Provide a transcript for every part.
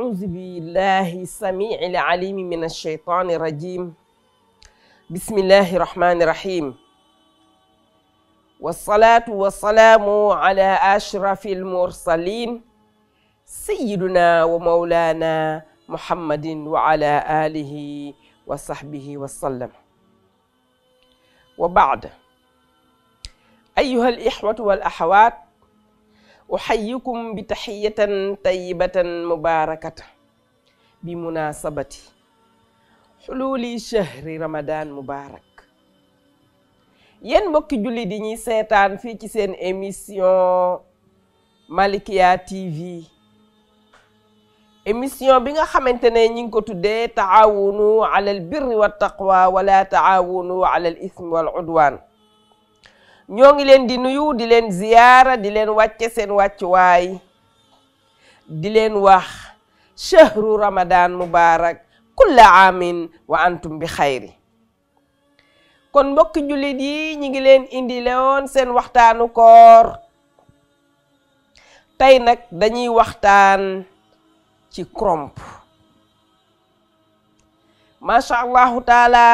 أعوذ بالله السميع العليم من الشيطان الرجيم بسم الله الرحمن الرحيم والصلاة والسلام على أشرف المرسلين سيدنا ومولانا محمد وعلى آله وصحبه وسلم وبعد أيها الإخوة والأخوات أحييكم بتحية طيبة مباركة بمناسبة حلول شهر رمضان مبارك ين بوك جولي ديني سيتان في كيسين سين اميسيون مالكيا تي في اميسيون بيغا خامتاني ني نكو تودي تعاونوا على البر والتقوى ولا تعاونو على الاثم والعدوان ñoo ngi leen di nuyu di leen ziyaara di leen wàcce seen wàccuwaay di leen wax chahru ramadan mubarak kulla amin wa antum bi xayri kon mbokki jullit yi ñi ngi leen indi lewoon seen waxtaanu koor tey nag dañuy waxtaan ci kromp macha allahu taala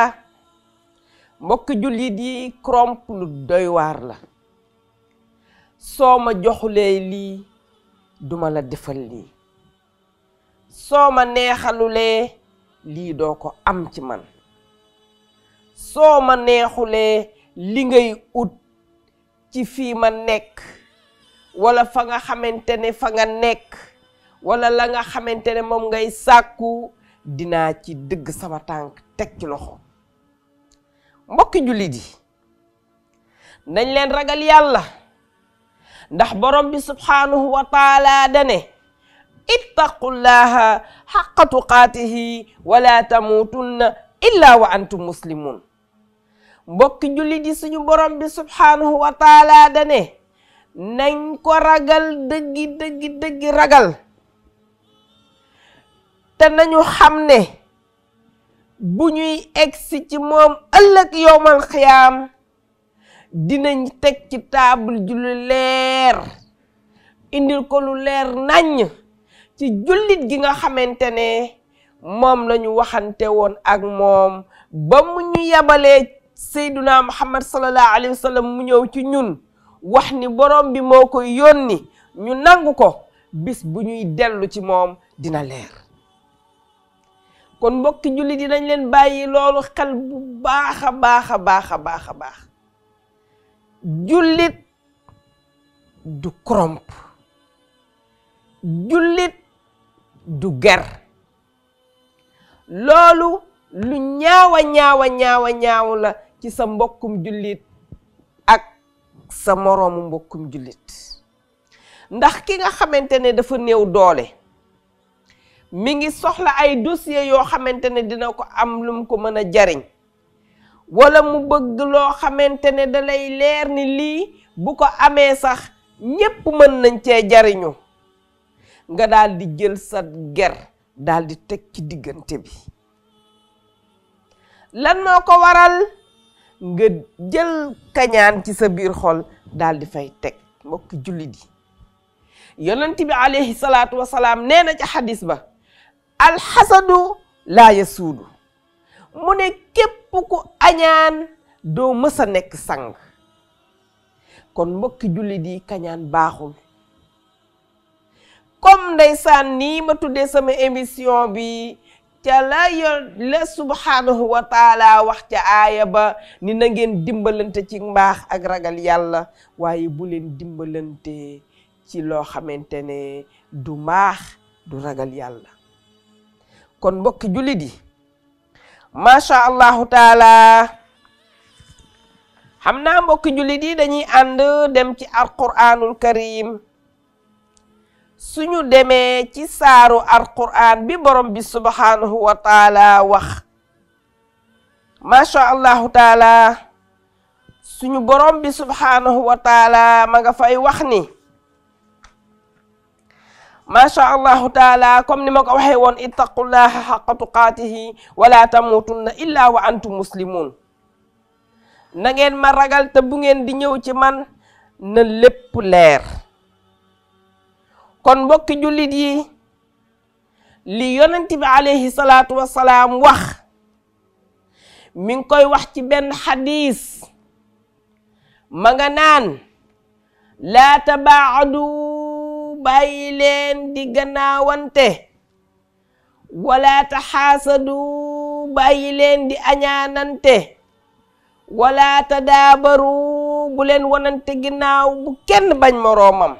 mbokk jullit yi kromp lu doy la soo ma joxulee lii duma la defal lii soo ma neexalulee lii doo ko am ci man soo ma neexulee li ngay ut ci fii ma nekk walla fa nga xamante ne fa nga nekk wala la nga xamante ne moom ngay sàkku dinaa ci dëgg sama tànk teg ci loxo mbokki jullit yi nañ leen ragal yàlla ndax borom bi subhanahu wa taala dane ittaqullaha xaqa tuqaatihi wala tamuutunna illa wa antum muslimun mbokki jullit yi suñu borom bi subhanahu wa taala dane nañ ko ragal dëggi dëggi dëggi ragal te nañu xam bu ñuy egsi ci moom ëllëg yowmal xiyaam dinañ teg ci taabal ju lu leer indil ko lu leer naññ ci jullit gi nga xamante ne moom lañu waxante woon ak moom ba mu ñu yabalee sayduna muhammad sallallahu alayhi wa mu ñëw ci ñun wax ni borom bi moo koy yónni ñu nangu ko bis bu ñuy dellu ci moom dina leer kon mbokki jullit yi dañ leen bàyyi loolu xel bu baax a baax a baax a baax a baax jullit du kromp julit du ger loolu lu ñaawa ñaawa ñaawa ñaaw la ci sa mbokkum jullit ak sa moroomu mbokkum jullit ndax ki nga xamante ne dafa néew doole mi ngi soxla ay dossier yoo xamante dina ko am lum ko jariñ wala mu bëgg loo xamante ne da leer ni li bu ko amee sax ñépp mën nañ cee jariñu nga di jël sa ger dal di teg ci diggante bi lan ko waral nga jël kañaan ci sa biir xol daal di fay teg mbokk jullit yi yonent bi alayhi salaatu na ca ba alxasadu laa yasuudu mu anyan do ku añaan sang kon mbokki julli di kañaan baaxul comme ndeysaan nii ma tuddee sama émission bi ca la yor subhanahu wa taala wax ca aaya ba ni na ngeen dimbalante ci mbaax ak ragal yàlla waaye bu dimbalante ci du du ragal kon mbokk julidi masha allah taala xamna mbokk di dañuy and dem ci Quranul karim suñu deme ci saaru alquran bi borom bi subhanahu wa taala wax masha allah taala suñu borom bi subhanahu wa taala ma nga fay wax ni ما شاء الله تعالى كم نمك وحيوان اتقوا الله حق تقاته ولا تموتن إلا وأنتم مسلمون نغين ما رغل تبغين دي نيو تي مان نلب لير كون بوك جوليت يي لي يونتي عليه الصلاه والسلام واخ مين كوي واخ تي بن حديث ماغا نان لا تباعدوا bàyyi leen di gannaawante wala taxaasadu bàyyi leen di añaanante wala tadaabaru bu leen wanante ginnaaw bu kenn bañ moroomam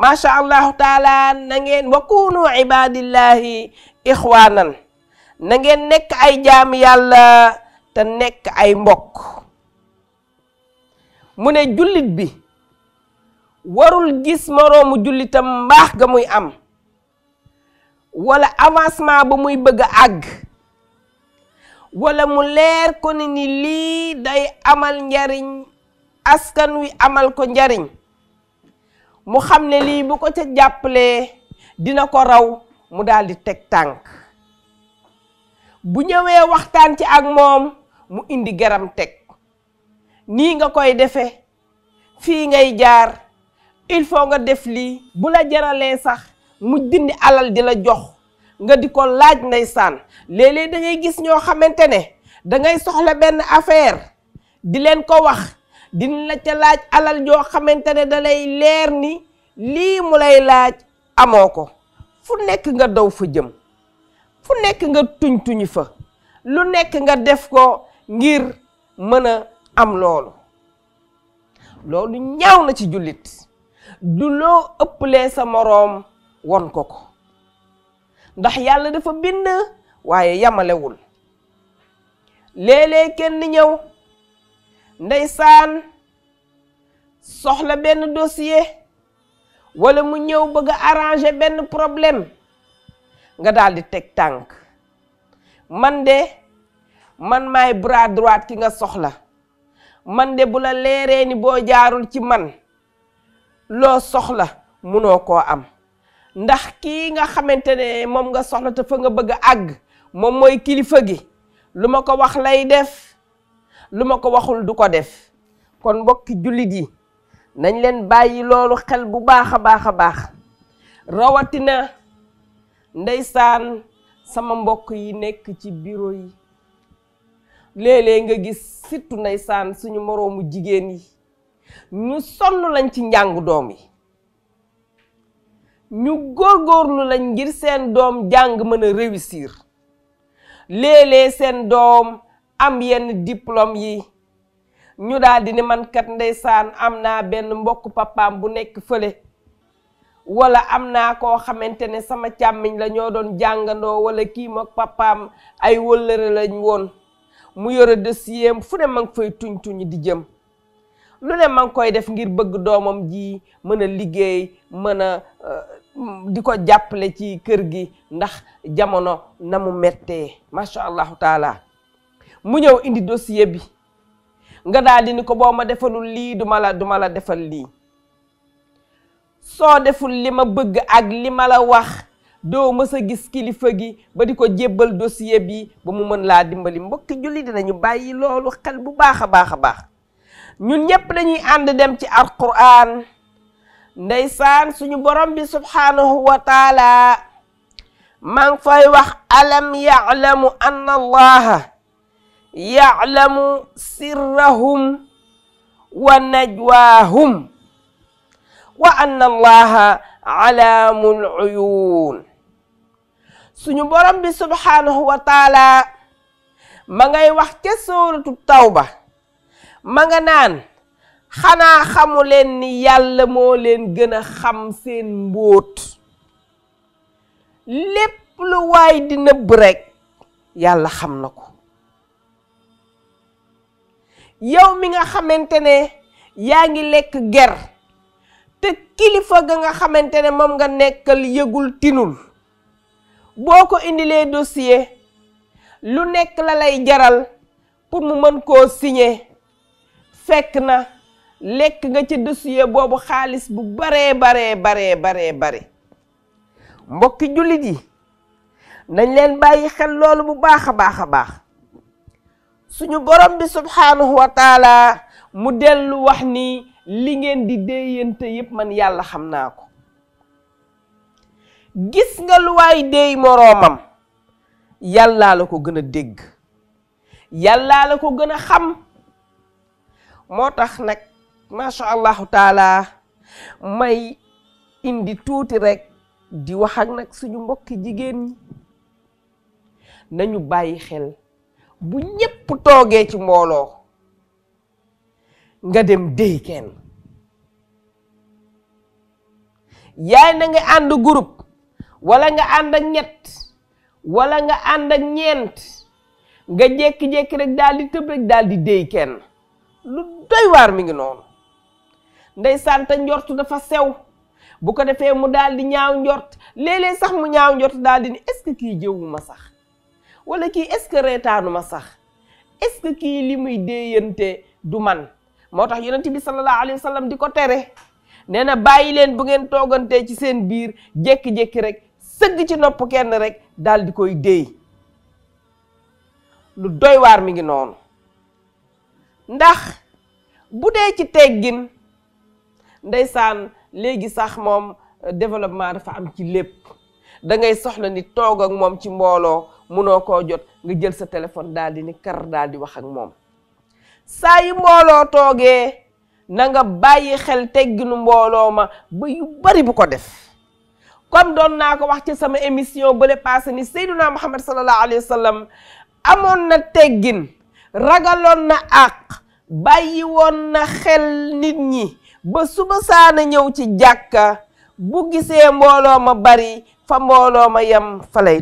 macha allahu taala na wa kunu ibadillahi ixwaanan na ngeen nekk ay jaam yàlla te nekk ay mbokk mu ne jullit bi warul gis moroomu jullitam mbaax ga muy am wala avancement ba muy bëgg a àgg wala mu leer ko ni ni lii day amal njariñ askan wi amal ko njariñ mu xam ne lii bu ko ca jàppalee dina ko raw mu daldi teg tànk bu ñëwee waxtaan ci ak moom mu indi garam teg nii nga koy defe fii ngay jaar il faut nga def lii bu la jaralee sax mu dindi alal di la jox nga di ko laaj ndeysaan sànn léeg da ngay gis ñoo xamante ne dangay soxla benn affaire di leen ko wax dina la ca laaj alal joo xamante ne da leer ni lii mu lay laaj amoo ko fu nekk nga daw fa jëm fu nekk nga tuñ tuñi fa lu nekk nga def ko ngir mën a am loolu loolu ñaaw na ci jullit du loo ëppalee sa moroom won ko ko ndax yàlla dafa bind waaye yamalewul léeg-léeg kenn ñëw saan soxla benn dossier wala mu ñëw bëgg a arranger benn problème nga daal teg tànk mande de man maay bras droit ki nga soxla man de bu la leeree ni boo jaarul ci man loo soxla munoo koo am ndax kii nga xamante ne moom nga soxla te fa nga bëgg a àgg moom mooy kilifa gi lu ma ko wax lay def lu ma ko waxul du ko def kon mbokki jullit yi nañ leen bàyyi loolu xel bu baax a baax a baax rawatina ndeysaan sama mbokk yi nekk ci bureau yi léeg-léeg nga gis surtout ndeysaan suñu moroomu jigéen yi ñu sonn lañ ci njàng doom yi ñu góorgóorlu lañ ngir seen doom jàng mën a réussir léeg seen doom am yenn diplôme yi ñu daal di ne man kat ndeysaan am naa benn mbokk papaam bu nekk fële wala am naa koo xamante ne sama càmmiñ lañoo doon jàngandoo wala kii mook ay wëllëre lañ woon mu yore dossier fu ne ma tuñ tuñ di jëm lu ne ma ngi koy def ngir bëgg doomam ji mën a liggéey mën a euh, di ko jàppale ci kër gi ndax jamono na mu mette macha allahu taala mu ñëw indi dossier bi nga daal di ni ko boo ma defalul lii duma la du ma la defal lii soo deful li ma bëgg ak li ma la wax doo mës a gis kilifa gi ba di ko jébbal dossier bi ba mu mën laa dimbali mbokki julli dinañu bàyyi loolu xel bu baax a baax a baax ñun ñépp dañuy ànd dem ci alquran ndeysaan suñu borom bi subhaanahu wa taala maa ngi fay wax alam ya'lamu anna allaha ya'lamu sirrahum wa najwaahum wa anna allaha alaamul uyuun suñu borom bi subhaanahu wa taala ma ngay wax ca suuratu tawba ma nga naan xanaa xamu ni yàlla moo leen gën a xam seen mbóot lépp lu waay di brek rekk xam na yow mi nga xamante ne yangi lek ger te kilifa ga nga xamante ne moom nga nekkal yëgul tinul boko ko indilee dossier lu nekk la lay jaral pour mu mën signer fekk na lekk nga ci dossier boobu xaalis bu baree bare baree baree bare mbokki jullit yi nañ leen bàyyi xel loolu bu baax a baax a baax suñu borom bi subhaanahu wa taala mu dellu wax ni li ngeen di déeyante yépp man yàlla xam naa ko gis nga lu waay déey moroomam yàllaa la ko gën a dégg yàllaa la ko gën xam moo tax nak, macha Allah taala may indi tuuti rek di wax ak nag suñu mbokki jigéen ñi nañu bàyyi xel bu ñépp toogee ci mbooloo nga dem déy kenn yaay na nga ànd groupe wala nga ànd ak wala nga ànd ak ñeent nga jékki-jékki rek di rek di kenn lu doy waar mi ngi noonu ndeysaan te njort dafa sew bu ko defee mu dal di ñaaw njort léeg sax mu ñaaw njort daal di ni est-ce que kii jëwuma sax wala kii est-ce que reetaanuma sax est-ce que kii li muy déeyante du man moo tax yonent bi sallallahu alayhi wa sallam di ko tere nee na bàyyi leen bu ngeen toogantee ci seen biir jékki-jékki rek sëgg ci noppu kenn rek dal di koy déey lu doy waar mi ngi noonu ndax bu dee ci teggin ndeysaan léegi sax moom euh, développement dafa am ci lépp da ngay soxla ni toog ak moom ci mbooloo munoo koo jot nga jël sa téléphone daal di ni kar daal di wax ak moom saa yi mbooloo toogee na nga bàyyi xel tegginu mbooloo ma ba yu bari bu ko def kon doon naa ko wax ci sama émission bële passé ni Seyduna Muhammad sallallahu alayhi wa sallam amoon na teggin Ragalon na ak bayi won na xel nit ñi ba suba saana ñëw ci jakka bu gisee mbooloo ma bari fa mbooloo ma yam fa lay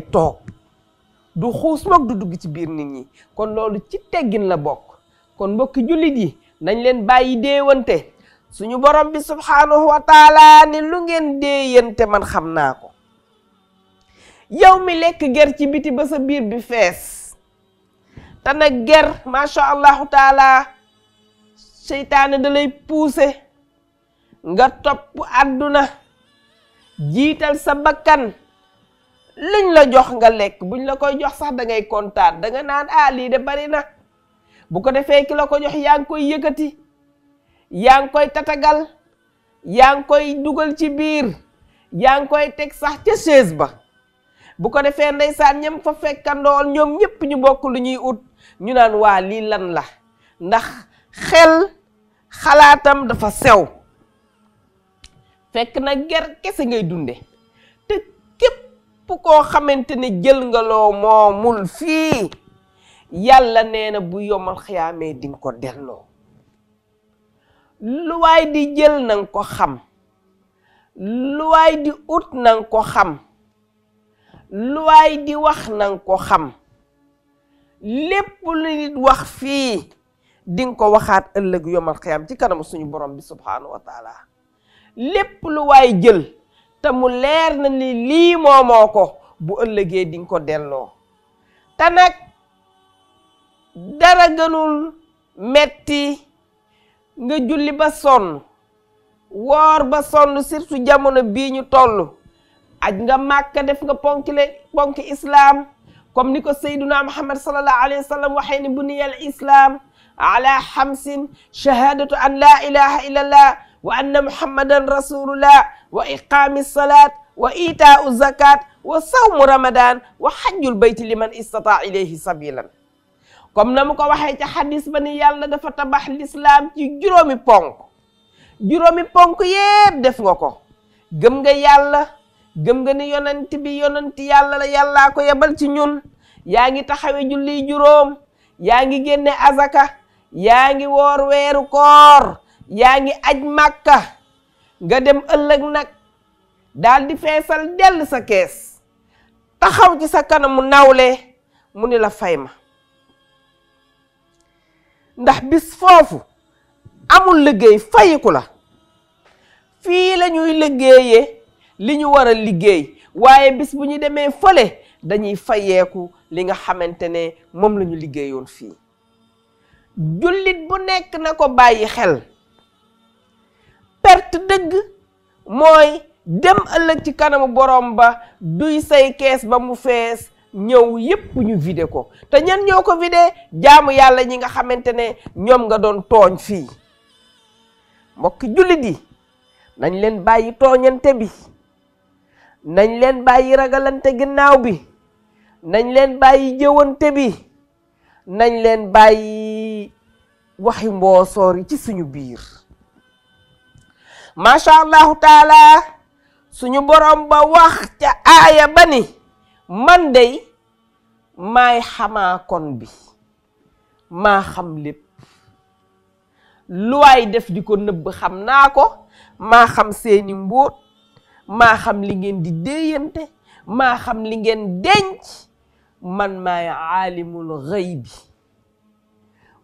du xuus mag du dugg ci biir nit ñi kon loolu ci teggin la bok kon mbokki jullit yi nañ leen bàyyi déewante suñu borom bi subhanahu wa taala ni lu ngeen déeyante man xam ko yow mi lekk ger ci biti ba sa biir bi tane nag ger macha allahu taala seytaane da lay puuse nga topp àdduna jital sa bakkan luñ la jox nga lo buñ la koy jox sax da ngay kontaan da nga naan ah lii de bari na bu ko defee ki la ko jox yaa ngi koy yëkkati yaa koy tatagal yaa ngi koy dugal ci biir yaa koy teg sax ca chaise ba bu ko ñam fa fekkandool ñoom ñëpp ñu bokk lu ut ñu naan waa lii lan la ndax xel xalaatam dafa sew fekk na ger kese ngay dunde te képp koo xamante ne jël nga loo moomul fii yàlla nee na bu yomal xiyaamee dinga ko delloo lu waay di jël nanga ko xam lu waay di ut nanga ko xam lu waay di wax nanga ko xam lépp lu nit wax fii dinga ko waxaat ëllëg yomal xiyaam ci kanam suñu borom bi subhaanahu wa lépp lu waay jël te mu leer na ni lii moomoo ko bu ëllëgee dinga ko delloo te nag dara gënul metti nga julli ba sonn woor ba sonn surtout jamono bii ñu toll aj nga màkka def nga ponk le ponk islaam كم نيكو سيدنا محمد صلى الله عليه وسلم وحين بني الإسلام على حمس شهادة أن لا إله إلا الله وأن محمدا رسول الله وإقام الصلاة وإيتاء الزكاة وصوم رمضان وحج البيت لمن استطاع إليه سبيلا كم نمكو وحي تحديث بني يالا دفتبح الإسلام تي جرومي بونك جرومي بونك يب دفنوكو جمجي يالا gëm nga ni yonent bi yonent yàlla la yàllaa ko yebal ci ñun yaa ngi taxawe julli juróom yaa ngi génne azaka yaa ngi woor weeru koor yaa ngi aj màkka nga dem ëllëg nag daal di feesal dell sa kees taxaw ci sa kanamu nawle mu ni la fay ma ndax bis foofu amul liggéey fayiku la fii la ñuy liggéeyee li ñu war a liggéey waaye bis bu ñu demee fële dañuy fayeeku li nga xamante ne moom lañu ñu liggéeyoon fii jullit bu nekk na ko bàyyi xel perte dëgg mooy dem ëllëg ci kanamu borom ba duy say kees ba mu fees ñëw yépp ñu vidé ko te ñan ñoo ko vidé jaamu yàlla ñi nga xamante ne ñoom nga doon tooñ fii mbokk jullit yi nañ leen bàyyi tooñante bi nañ leen bàyyi ragalante ginnaaw bi nañ leen bàyyi jëwante bi nañ leen bàyyi waxi mboosoor ci suñu biir macha allahu taala suñu borom ba wax ca aaya ba ni man dey maay xamaa kon bi maa xam lépp lu def di ko nëbb xam naa ko maa xam seeni mbóot maa xam li di déeyante maa xam li ngeen denc man maay aalimul xëy bi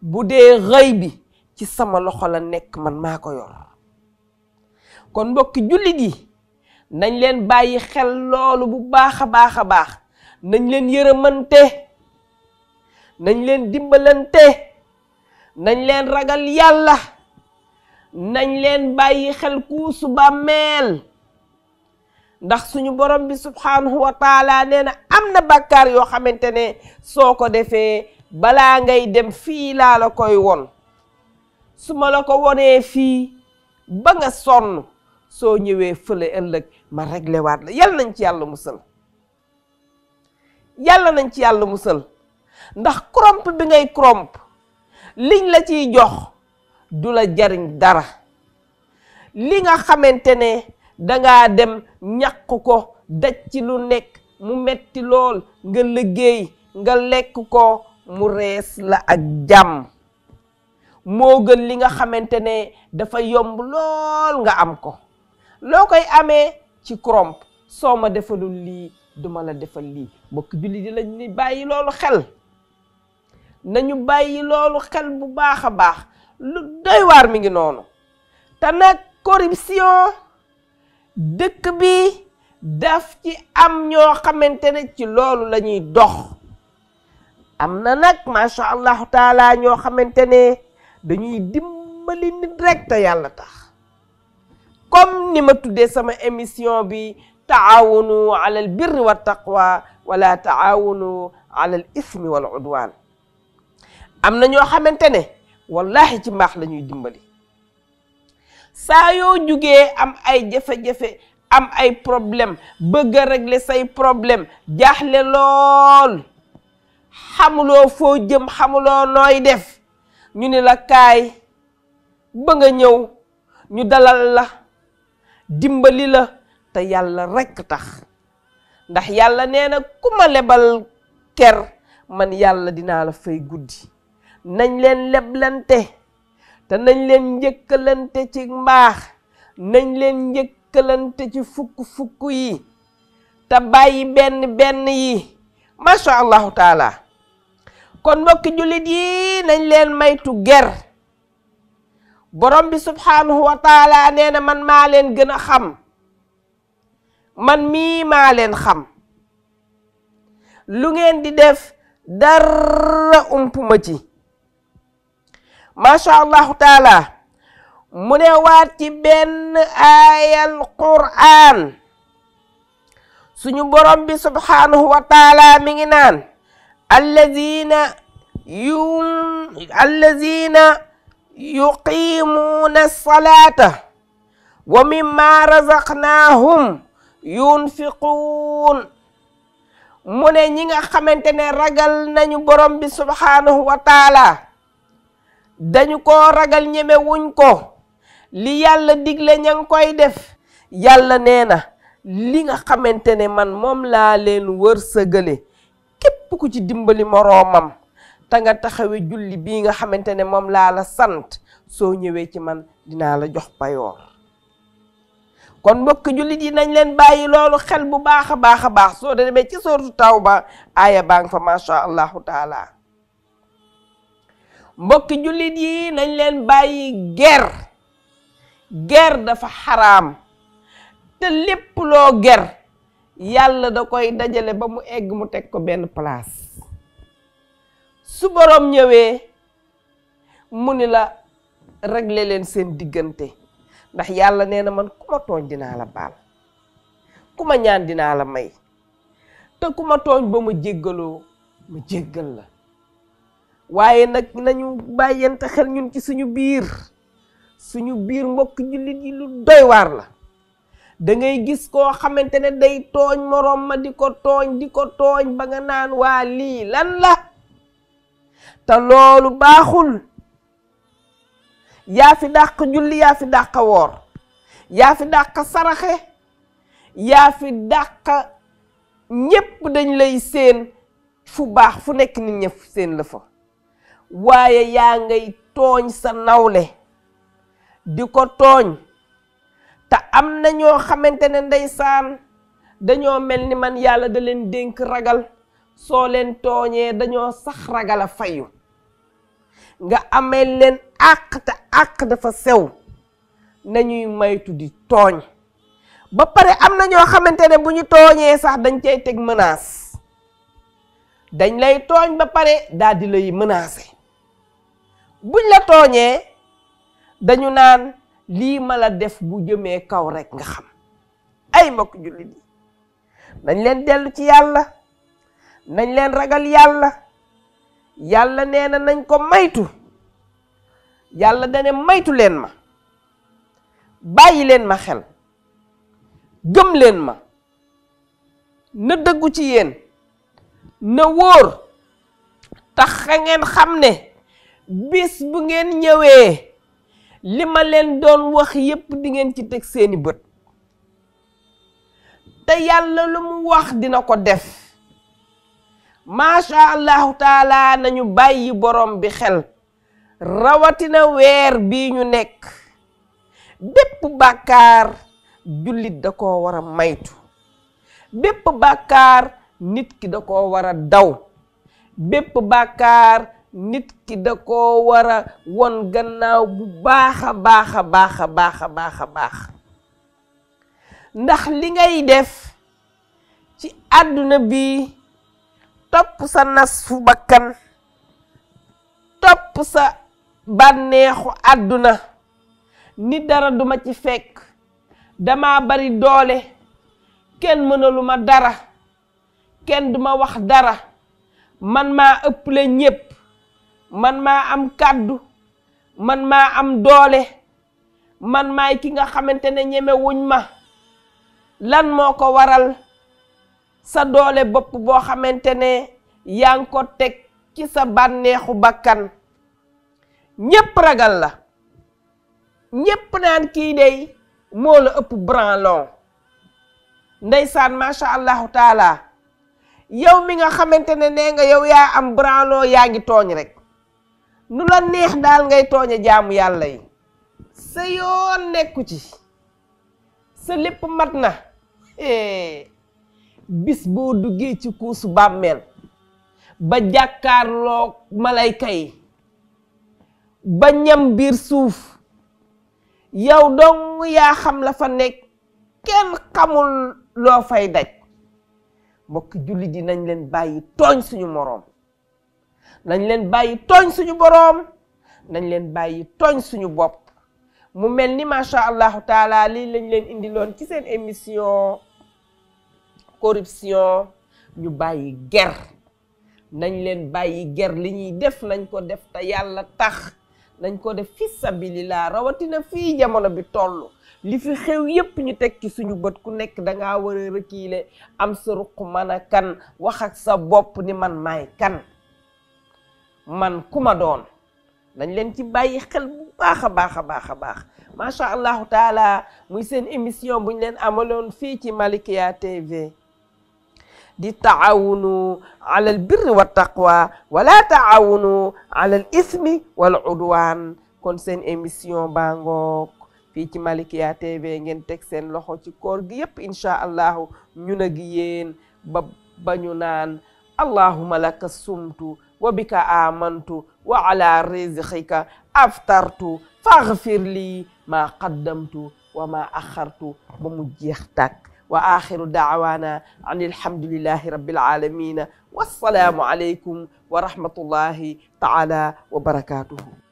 bu dee xëy bi ci sama loxo la nekk man maa ko yor kon mbokki jullit yi nañ leen bàyyi xel loolu bu baax a baax a baax nañ leen yërëmante nañ leen dimbalante nañ leen ragal yàlla nañ leen bàyyi xel kuusu bàmmeel ndax suñu borom bi subhaanahu wa nee na am na bàkkaar yoo xamante ne soo ko defee balaa ngay dem fii laa la koy won su ma la ko wonee fii ba nga sonn soo ñëwee fële ëllëg ma réglé waat la yàlla nañ ci yàlla musal yàlla nañ ci yàlla musal ndax kromp bi ngay kromp liñ la ciy jox du la jariñ dara li nga xamante ne dangaa dem ñàq ko daj ci lu nekk mu metti lool nga liggéey nga lekk ko mu rees la ak jàmm moo gën li nga xamante ne dafa yomb lool nga am ko loo koy amee ci kromp soo ma defalul lii duma la defal lii bokk julli di lañu bàyyi loolu xel nañu bàyyi loolu xel bu baax a baax lu doy waar mi ngi noonu te nag corruption dëkk bi daf ci am ñoo xamante ne ci loolu la ñuy dox am na nag macha allahu taala ñoo xamante ne dañuy dimbali nit rek te yàlla tax comme ni ma tuddee sama émission bi taawunu ala al birri wa taqwa wala taawunu ala al ismi wal am na ñoo xamante ne wallahi ci mbaax la ñuy dimbali saa yoo jugee am ay jafe-jafe am ay problème bëgg a say problème jaaxle lool xamuloo foo jëm xamuloo nooy def ñu ni la kaay ba nga ñëw ñu dalal la dimbali la te yàlla rekk tax ndax yàlla nee na ku ma lebal ker man yàlla dinaa la fay guddi nañ leen leblante te nañ leen njëkkalante ci mbaax nañ leen njëkkalante ci fukk-fukk yi te bàyyi benn benn yi masha allahu taala kon mbokki jullit yi nañ leen maytu ger borom bi subhanahu wa na man maa leen gën a xam man mii maa leen xam lu ngeen di def dara umpuma ci macha allahu taala mu ne waat ci benn aayal qur'aan suñu borom bi subhaanahu wa taala mi ngi naan allazina yu allazina yuqiimuuna salaata wa mimma razaqnaahum yunfiquun mu ne ñi nga xamante ne ragal nañu borom bi subhaanahu wa taala dañu ko ragal ñeme wuñ ko li yàlla digle ñang koy def yàlla nee na li nga xamante ne man moom laa leen wërsëgale képp ku ci dimbali moroomam te nga taxawe julli bii nga xamante ne moom la sant so ñëwee ci man dinaa la jox payoor kon mbokk jullit yi nañ leen bàyyi loolu xel bu baax a baax a ci tawba fa macha Allah taala mbokki jullit yi nañ leen ger ger dafa haram, te lépp ger yalla da koy dajale ba mu egg mu teg ko benn place su boroom ñëwee munila ni la régler leen seen diggante ndax yàlla nee man kuma ma tooñ la baal ku ñaan dinaa la may te ku ma ba jéggal la waaye nag nañu bàyyante xel ñun ci suñu biir suñu biir mbokk jullit yi lu doy waar la dangay gis koo xamante ne day tooñ moroom ma di ko tooñ di ko tooñ ba nga naan waa lii lan la te loolu baaxul yaa fi dàq julli yaa fi dàq woor yaa fi dàq saraxe yaa fi dàq ñépp dañ lay seen fu baax fu nekk nit ñëpp seen la fa waaye yaa ngay tooñ sa nawle di ko tooñ te am na ñoo xamante ne ndeysaan dañoo mel ni man yàlla da leen dénk ragal soo leen tooñee dañoo sax ragal a fayu nga amee leen àq te àq dafa sew nañuy maytu di tooñ ba pare am na ñoo xamante ne bu ñu tooñee sax dañ cay teg menace dañ lay tooñ ba pare daal di lay menacer buñ la tooñee dañu naan lii ma la def bu jëmee kaw rek nga xam ay mbokk jullit yi nañ leen dellu ci yàlla nañ leen ragal yàlla yàlla nee nañ ko maytu yàlla dane maytu leen ma bàyyi leen ma xel gëm leen ma na dëggu ci yéen na wóor tax a ngeen xam ne bis bu ngeen ñëwee li ma leen doon wax yépp di ngeen ci teg seeni bët te yàlla lu mu wax dina ko def macha allahu taala nañu bàyyi borom bi xel rawatina weer bii ñu nekk bépp bàkkaar jullit da ko war a maytu bépp bàkkaar nit ki da ko war a daw bépp bàkkaar nit ki da koo war won gannaaw bu baax a baax a baax a baax baax ndax li ngay def ci àdduna bi topp sa nas fu bakkan topp sa bànneexu àdduna ni dara duma ci fekk dama bari doole kenn mënalu ma dara kenn duma wax dara man maa ëpple ñépp man maa am kàddu man maa am doole man maay ki nga xamante ne ñeme wuñ ma lan moo ko waral sa doole bopp boo xamante ne yaa ngi ko teg ci sa bànneexu bakkan ñépp ragal la ñépp naan kii dey moo la ëpp branlon ndeysaan macha allahu taala yow mi nga xamante ne nee nga yow yaa am branlon yaa ngi tooñ rek nu la neex daal ngay tooñe jaamu yàlla yi sa yoon nekku ci sa lépp mat na eh. bis boo duggee ci kuusu bàmmeel ba jàkkaarloo malayka yi ba ñam biir suuf yow dong yaa xam la fa nekk kenn xamul loo fay daj mbokk julli di nañ leen bàyyi tooñ suñu moroom nañ leen bàyyi tooñ suñu boroom nañ leen bàyyi tooñ suñu bopp mu mel ni macha allahu taala lii lañ leen indiloon ci seen émission corruption ñu bàyyi ger nañ leen bàyyi ger li ñuy def nañ ko def te yàlla tax nañ ko def fi sabilillah rawatina fii jamono bi toll li fi xew yépp ñu teg ci suñu bët ku nekk dangaa war a am sa ruq mën a kan wax ak sa bopp ni man maay kan man ku ma doon dañ leen ci bàyyi xel bu baax a baax a baax a baax macha allahu taala muy seen émission bu ñu leen amaloon fii ci Malikia TV di taawunu alal birri wa taqwa wala taawunu alal ismi wal udwan kon seen émission baa ngoog fii ci Malikia TV ngeen teg seen loxo ci koor gi yépp incha allahu ñun a gi yéen ba bañu naan allahuma laka sumtu وبك آمنت وعلى رزقك أفطرت فاغفر لي ما قدمت وما أخرت بمجيختك وآخر دعوانا عن الحمد لله رب العالمين والسلام عليكم ورحمة الله تعالى وبركاته